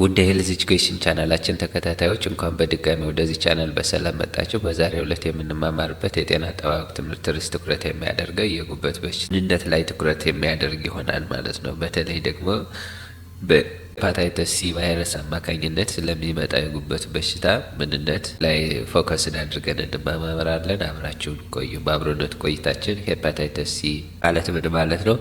ውድ ሄልዝ ኤጁኬሽን ቻናላችን ተከታታዮች እንኳን በድጋሚ ወደዚህ ቻናል በሰላም መጣችሁ። በዛሬው ዕለት የምንማማርበት የጤና አጠባበቅ ትምህርት ርዕስ ትኩረት የሚያደርገው የጉበት በሽንነት ላይ ትኩረት የሚያደርግ ይሆናል ማለት ነው። በተለይ ደግሞ በሄፓታይተስ ሲ ቫይረስ አማካኝነት ስለሚመጣ የጉበት በሽታ ምንነት ላይ ፎከስን አድርገን እንማማራለን። አብራችሁን ቆዩ። በአብሮነት ቆይታችን ሄፓታይተስ ሲ ማለት ምን ማለት ነው፣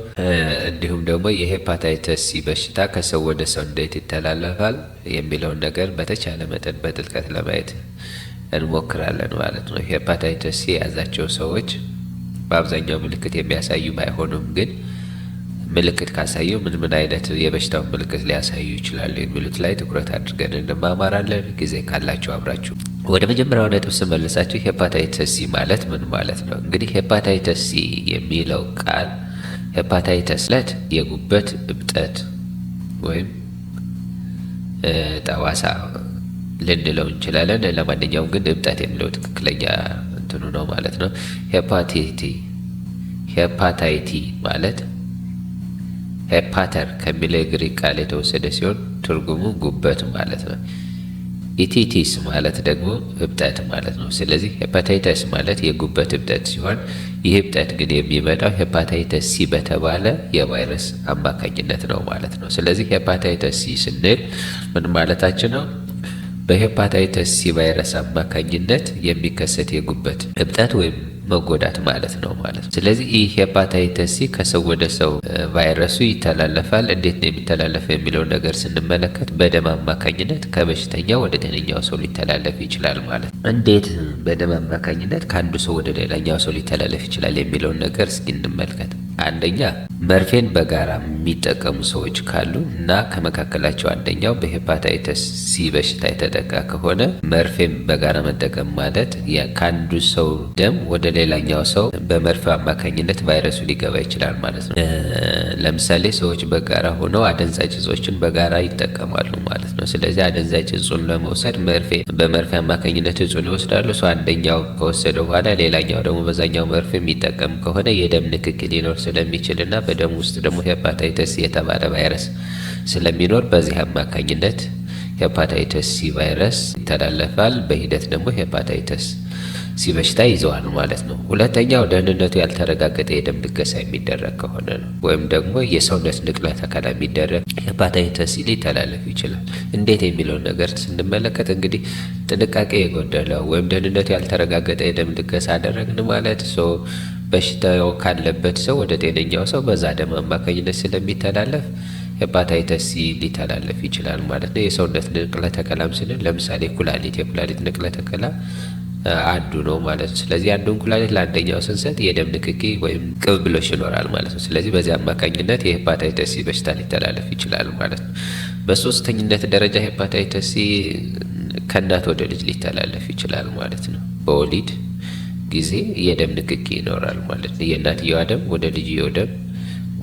እንዲሁም ደግሞ የሄፓታይተስ ሲ በሽታ ከሰው ወደ ሰው እንዴት ይተላለፋል የሚለውን ነገር በተቻለ መጠን በጥልቀት ለማየት እንሞክራለን ማለት ነው። ሄፓታይተስ ሲ የያዛቸው ሰዎች በአብዛኛው ምልክት የሚያሳዩ ባይሆኑም ግን ምልክት ካሳየው ምን ምን አይነት የበሽታው ምልክት ሊያሳዩ ይችላሉ የሚሉት ላይ ትኩረት አድርገን እንማማራለን። ጊዜ ካላችሁ አብራችሁ ወደ መጀመሪያው ነጥብ ስመልሳችሁ ሄፓታይተስ ሲ ማለት ምን ማለት ነው? እንግዲህ ሄፓታይተስ ሲ የሚለው ቃል ሄፓታይተስ ለት የጉበት እብጠት ወይም ጠዋሳ ልንለው እንችላለን። ለማንኛውም ግን እብጠት የሚለው ትክክለኛ እንትኑ ነው ማለት ነው። ሄፓቲቲ ሄፓታይቲ ማለት ሄፓተር ከሚለው የግሪክ ቃል የተወሰደ ሲሆን ትርጉሙ ጉበት ማለት ነው። ኢቲቲስ ማለት ደግሞ እብጠት ማለት ነው። ስለዚህ ሄፓታይተስ ማለት የጉበት እብጠት ሲሆን ይህ እብጠት ግን የሚመጣው ሄፓታይተስ ሲ በተባለ የቫይረስ አማካኝነት ነው ማለት ነው። ስለዚህ ሄፓታይተስ ሲ ስንል ምን ማለታችን ነው? በሄፓታይተስ ሲ ቫይረስ አማካኝነት የሚከሰት የጉበት እብጠት ወይም መጎዳት ማለት ነው ማለት ነው። ስለዚህ ይህ ሄፓታይተስ ሲ ከሰው ወደ ሰው ቫይረሱ ይተላለፋል። እንዴት ነው የሚተላለፈው የሚለውን ነገር ስንመለከት በደም አማካኝነት ከበሽተኛ ወደ ጤነኛው ሰው ሊተላለፍ ይችላል ማለት ነው። እንዴት በደም አማካኝነት ከአንዱ ሰው ወደ ሌላኛው ሰው ሊተላለፍ ይችላል የሚለውን ነገር እስኪ እንመልከት። አንደኛ መርፌን በጋራ የሚጠቀሙ ሰዎች ካሉ እና ከመካከላቸው አንደኛው በሄፓታይተስ ሲ በሽታ የተጠቃ ከሆነ መርፌን በጋራ መጠቀም ማለት ከአንዱ ሰው ደም ወደ ሌላኛው ሰው በመርፌው አማካኝነት ቫይረሱ ሊገባ ይችላል ማለት ነው። ለምሳሌ ሰዎች በጋራ ሆነው አደንዛጭ እጾችን በጋራ ይጠቀማሉ ማለት ነው። ስለዚህ አደንዛጭ እጹን ለመውሰድ መርፌ በመርፌ አማካኝነት እጹን ይወስዳሉ። ሰው አንደኛው ከወሰደ በኋላ ሌላኛው ደግሞ በዛኛው መርፌ የሚጠቀም ከሆነ የደም ንክክ ሊኖር ስለሚችልና በደም ውስጥ ደግሞ ሄፓታይተስ የተባለ ቫይረስ ስለሚኖር በዚህ አማካኝነት ሄፓታይተስ ሲ ቫይረስ ይተላለፋል። በሂደት ደግሞ ሄፓታይተስ ሲ በሽታ ይዘዋል ማለት ነው። ሁለተኛው ደህንነቱ ያልተረጋገጠ የደም ልገሳ የሚደረግ ከሆነ ነው። ወይም ደግሞ የሰውነት ንቅለ ተከላ የሚደረግ ሄፓታይተስ ሲ ሊተላለፍ ይችላል። እንዴት የሚለውን ነገር ስንመለከት እንግዲህ ጥንቃቄ የጎደለው ወይም ደህንነቱ ያልተረጋገጠ የደም ልገሳ አደረግን ማለት በሽታው ካለበት ሰው ወደ ጤነኛው ሰው በዛ ደም አማካኝነት ስለሚተላለፍ ሄፓታይተስ ሲ ሊተላለፍ ይችላል ማለት ነው። የሰውነት ንቅለ ተከላም ስንል ለምሳሌ ኩላሊት፣ የኩላሊት ንቅለ ተከላ አንዱ ነው ማለት ነው። ስለዚህ አንዱን ኩላሊት ለአንደኛው ስንሰጥ የደም ንክኪ ወይም ቅብብሎሽ ይኖራል ማለት ነው። ስለዚህ በዚህ አማካኝነት የሄፓታይተስ ሲ በሽታ ሊተላለፍ ይችላል ማለት ነው። በሶስተኝነት ደረጃ ሄፓታይተስ ሲ ከእናት ወደ ልጅ ሊተላለፍ ይችላል ማለት ነው በወሊድ ጊዜ የደም ንክኪ ይኖራል ማለት ነው። የእናትየዋ ደም ወደ ልጅየው ደም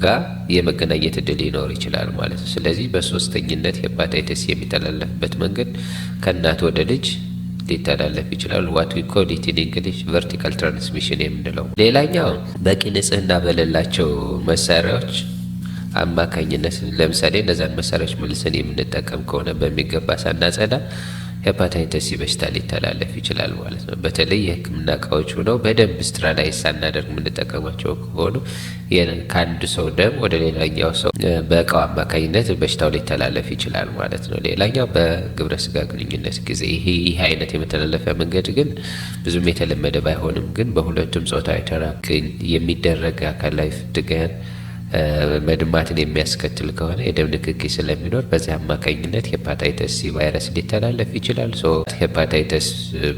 ጋር የመገናኘት እድል ሊኖር ይችላል ማለት ነው። ስለዚህ በሶስተኝነት ሄፓታይተስ የሚተላለፍበት መንገድ ከእናት ወደ ልጅ ሊተላለፍ ይችላል። ዋት ዊ ኮል ኢት ኢን እንግሊሽ ቨርቲካል ትራንስሚሽን የምንለው። ሌላኛው በቂ ንጽህና በሌላቸው መሳሪያዎች አማካኝነት ለምሳሌ እነዛን መሳሪያዎች መልሰን የምንጠቀም ከሆነ በሚገባ ሳናጸዳ ሄፓታይተስ በሽታ ሊተላለፍ ይችላል ማለት ነው። በተለይ የህክምና እቃዎች ሆነው በደንብ ላይ ሳናደርግ የምንጠቀማቸው ከሆኑ ከአንድ ሰው ደም ወደ ሌላኛው ሰው በእቃው አማካኝነት በሽታው ሊተላለፍ ይችላል ማለት ነው። ሌላኛው በግብረ ስጋ ግንኙነት ጊዜ ይህ ይህ አይነት የመተላለፊያ መንገድ ግን ብዙም የተለመደ ባይሆንም ግን በሁለቱም ጾታዊ ተራክኝ የሚደረግ አካላዊ ፍትጋያን መድማትን የሚያስከትል ከሆነ የደም ንክኪ ስለሚኖር በዚህ አማካኝነት ሄፓታይተስ ሲ ቫይረስ ሊተላለፍ ይችላል። ሄፓታይተስ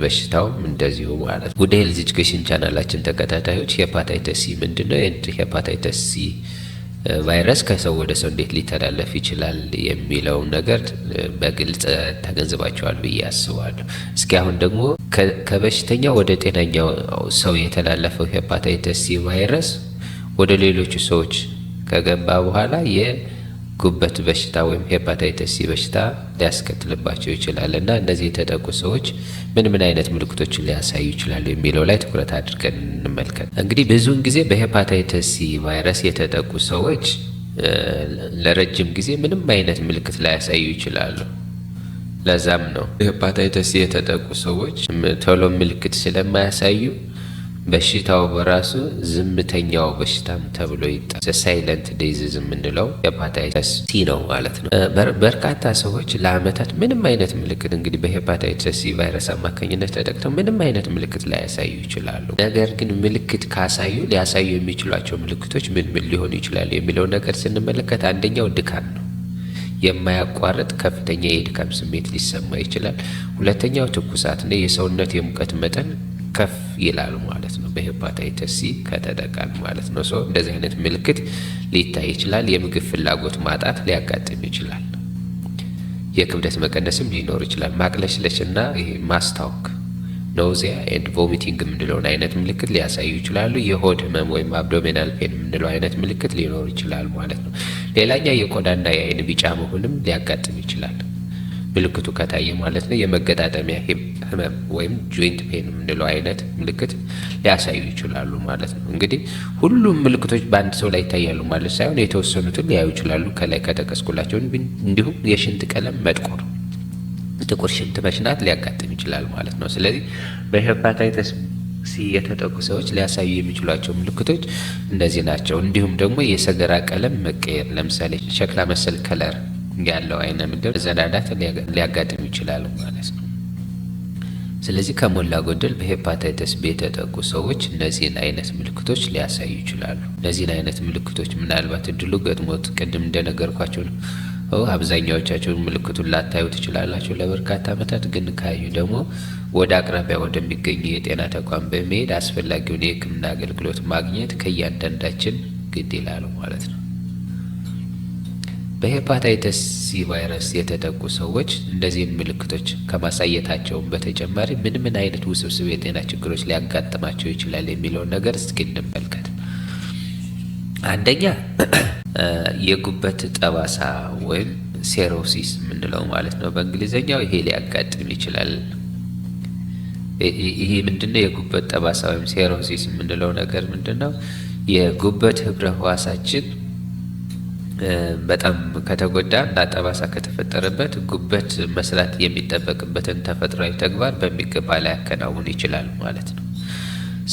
በሽታውም እንደዚሁ ማለት ጉዳይ ወደ ሄልዝ ኤጁኬሽን ቻናላችን ተከታታዮች ሄፓታይተስ ሲ ምንድን ነው? ሄፓታይተስ ሲ ቫይረስ ከሰው ወደ ሰው እንዴት ሊተላለፍ ይችላል የሚለውን ነገር በግልጽ ተገንዝባቸዋል ብዬ አስባለሁ። እስኪ አሁን ደግሞ ከበሽተኛው ወደ ጤናኛው ሰው የተላለፈው ሄፓታይተስ ሲ ቫይረስ ወደ ሌሎቹ ሰዎች ከገባ በኋላ የጉበት በሽታ ወይም ሄፓታይተስ በሽታ ሊያስከትልባቸው ይችላል እና እነዚህ የተጠቁ ሰዎች ምን ምን አይነት ምልክቶችን ሊያሳዩ ይችላሉ የሚለው ላይ ትኩረት አድርገን እንመልከት። እንግዲህ ብዙውን ጊዜ በሄፓታይተስ ቫይረስ የተጠቁ ሰዎች ለረጅም ጊዜ ምንም አይነት ምልክት ላያሳዩ ይችላሉ። ለዛም ነው ሄፓታይተስ የተጠቁ ሰዎች ቶሎ ምልክት ስለማያሳዩ በሽታው በራሱ ዝምተኛው በሽታም ተብሎ ይጠራል። ሳይለንት ዲዚዝ የምንለው ሄፓታይተስ ሲ ነው ማለት ነው። በርካታ ሰዎች ለአመታት ምንም አይነት ምልክት እንግዲህ በሄፓታይተስ ሲ ቫይረስ አማካኝነት ተጠቅተው ምንም አይነት ምልክት ላያሳዩ ይችላሉ። ነገር ግን ምልክት ካሳዩ ሊያሳዩ የሚችሏቸው ምልክቶች ምን ምን ሊሆኑ ይችላሉ የሚለው ነገር ስንመለከት አንደኛው ድካም ነው። የማያቋርጥ ከፍተኛ የድካም ስሜት ሊሰማ ይችላል። ሁለተኛው ትኩሳት የሰውነት የሙቀት መጠን ከፍ ይላል ማለት ነው። በሄፓታይተስ ሲ ከተጠቃን ማለት ነው። ሰው እንደዚህ አይነት ምልክት ሊታይ ይችላል። የምግብ ፍላጎት ማጣት ሊያጋጥም ይችላል። የክብደት መቀነስም ሊኖር ይችላል። ማቅለሽለሽ እና ይሄ ማስታወክ ኖዚያ ኤንድ ቮሚቲንግ የምንለውን አይነት ምልክት ሊያሳዩ ይችላሉ። የሆድ ህመም ወይም አብዶሜናል ፔን የምንለው አይነት ምልክት ሊኖር ይችላል ማለት ነው። ሌላኛ የቆዳና የአይን ቢጫ መሆንም ሊያጋጥም ይችላል። ምልክቱ ከታየ ማለት ነው የመገጣጠሚያ ህመም ወይም ጆይንት ፔን የምንለው አይነት ምልክት ሊያሳዩ ይችላሉ ማለት ነው። እንግዲህ ሁሉም ምልክቶች በአንድ ሰው ላይ ይታያሉ ማለት ሳይሆን የተወሰኑትን ሊያዩ ይችላሉ። ከላይ ከጠቀስኩላቸው እንዲሁም የሽንት ቀለም መጥቆር፣ ጥቁር ሽንት መሽናት ሊያጋጥም ይችላል ማለት ነው። ስለዚህ በሄፓታይተስ ሲ የተጠቁ ሰዎች ሊያሳዩ የሚችሏቸው ምልክቶች እነዚህ ናቸው። እንዲሁም ደግሞ የሰገራ ቀለም መቀየር፣ ለምሳሌ ሸክላ መሰል ከለር ያለው አይነ ምድር መዘዳዳት ሊያጋጥም ይችላል ማለት ነው። ስለዚህ ከሞላ ጎደል በሄፓታይተስ ቢ የተጠቁ ሰዎች እነዚህን አይነት ምልክቶች ሊያሳዩ ይችላሉ። እነዚህን አይነት ምልክቶች ምናልባት እድሉ ገጥሞት ቅድም እንደነገርኳቸው ነው አብዛኛዎቻቸውን ምልክቱን ላታዩ ትችላላቸው ለበርካታ ዓመታት ግን ካዩ ደግሞ ወደ አቅራቢያ ወደሚገኙ የጤና ተቋም በመሄድ አስፈላጊውን የሕክምና አገልግሎት ማግኘት ከእያንዳንዳችን ግድ ይላሉ ማለት ነው። በሄፓታይተስ ሲ ቫይረስ የተጠቁ ሰዎች እነዚህን ምልክቶች ከማሳየታቸው በተጨማሪ ምን ምን አይነት ውስብስብ የጤና ችግሮች ሊያጋጥማቸው ይችላል የሚለውን ነገር እስኪ እንመልከት። አንደኛ የጉበት ጠባሳ ወይም ሴሮሲስ የምንለው ማለት ነው በእንግሊዝኛው። ይሄ ሊያጋጥም ይችላል። ይሄ ምንድነው? የጉበት ጠባሳ ወይም ሴሮሲስ የምንለው ነገር ምንድነው? የጉበት ህብረ ህዋሳችን በጣም ከተጎዳ እና ጠባሳ ከተፈጠረበት ጉበት መስራት የሚጠበቅበትን ተፈጥሯዊ ተግባር በሚገባ ላያከናውን ይችላል ማለት ነው።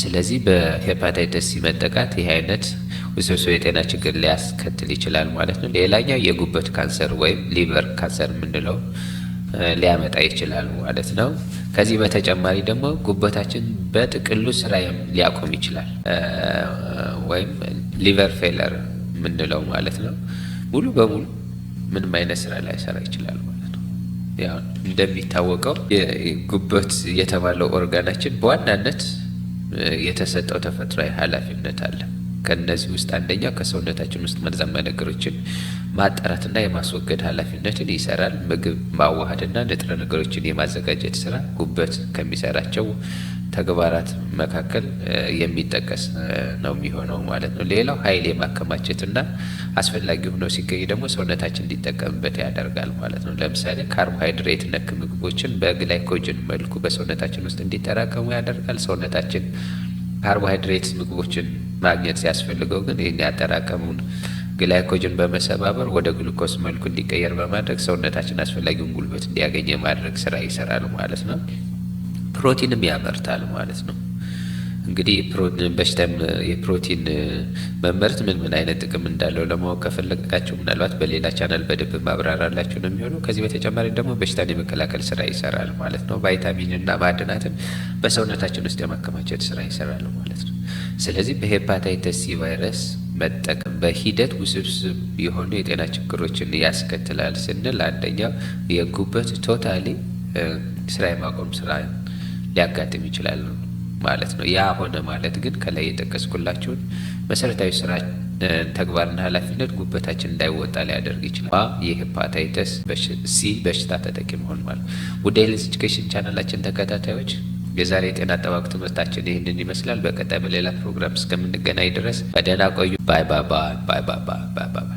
ስለዚህ በሄፓታይተስ ሲ መጠቃት ይህ አይነት ውስብስብ የጤና ችግር ሊያስከትል ይችላል ማለት ነው። ሌላኛው የጉበት ካንሰር ወይም ሊቨር ካንሰር የምንለው ሊያመጣ ይችላል ማለት ነው። ከዚህ በተጨማሪ ደግሞ ጉበታችን በጥቅሉ ስራ ሊያቆም ይችላል ወይም ሊቨር ፌለር የምንለው ማለት ነው። ሙሉ በሙሉ ምንም አይነት ስራ ላይሰራ ይችላል ማለት ነው። ያው እንደሚታወቀው ጉበት የተባለው ኦርጋናችን በዋናነት የተሰጠው ተፈጥሯዊ ኃላፊነት አለ። ከነዚህ ውስጥ አንደኛው ከሰውነታችን ውስጥ መርዛማ ነገሮችን ማጣራትና የማስወገድ ኃላፊነትን ይሰራል። ምግብ ማዋሃድና ንጥረ ነገሮችን የማዘጋጀት ስራ ጉበት ከሚሰራቸው ተግባራት መካከል የሚጠቀስ ነው የሚሆነው ማለት ነው። ሌላው ኃይል የማከማቸትና አስፈላጊ ሆኖ ሲገኝ ደግሞ ሰውነታችን እንዲጠቀምበት ያደርጋል ማለት ነው። ለምሳሌ ካርቦሃይድሬት ነክ ምግቦችን በግላይኮጅን መልኩ በሰውነታችን ውስጥ እንዲጠራቀሙ ያደርጋል። ሰውነታችን ካርቦሃይድሬት ምግቦችን ማግኘት ሲያስፈልገው ግን ይህን ያጠራቀሙን ግላይኮጅን በመሰባበር ወደ ግሉኮስ መልኩ እንዲቀየር በማድረግ ሰውነታችን አስፈላጊውን ጉልበት እንዲያገኝ የማድረግ ስራ ይሰራል ማለት ነው። ፕሮቲንም ያመርታል ማለት ነው። እንግዲህ በሽታም የፕሮቲን መመረት ምን ምን አይነት ጥቅም እንዳለው ለማወቅ ከፈለጋችሁ ምናልባት በሌላ ቻናል በደንብ ማብራራላችሁ ነው የሚሆነው። ከዚህ በተጨማሪ ደግሞ በሽታን የመከላከል ስራ ይሰራል ማለት ነው። ቫይታሚን እና ማዕድናትን በሰውነታችን ውስጥ የማከማቸት ስራ ይሰራል ማለት ነው። ስለዚህ በሄፓታይተስ ሲ ቫይረስ መጠቀም በሂደት ውስብስብ የሆኑ የጤና ችግሮችን ያስከትላል ስንል አንደኛው የጉበት ቶታሊ ስራ የማቆም ስራ ሊያጋጥም ይችላል ማለት ነው። ያ ሆነ ማለት ግን ከላይ የጠቀስኩላችሁን መሰረታዊ ስራ ተግባርና ኃላፊነት ጉበታችን እንዳይወጣ ሊያደርግ ይችላል። የሄፓታይተስ ሲ በሽታ ተጠቂ መሆን ማለት ነው። ውድ ሄልዝ ኤጁኬሽን ቻናላችን ተከታታዮች የዛሬ የጤና አጠባበቅ ትምህርታችን ይህንን ይመስላል። በቀጣይ በሌላ ፕሮግራም እስከምንገናኝ ድረስ በደህና ቆዩ። ባይ ባይ ባይ ባይ ባይ ባይ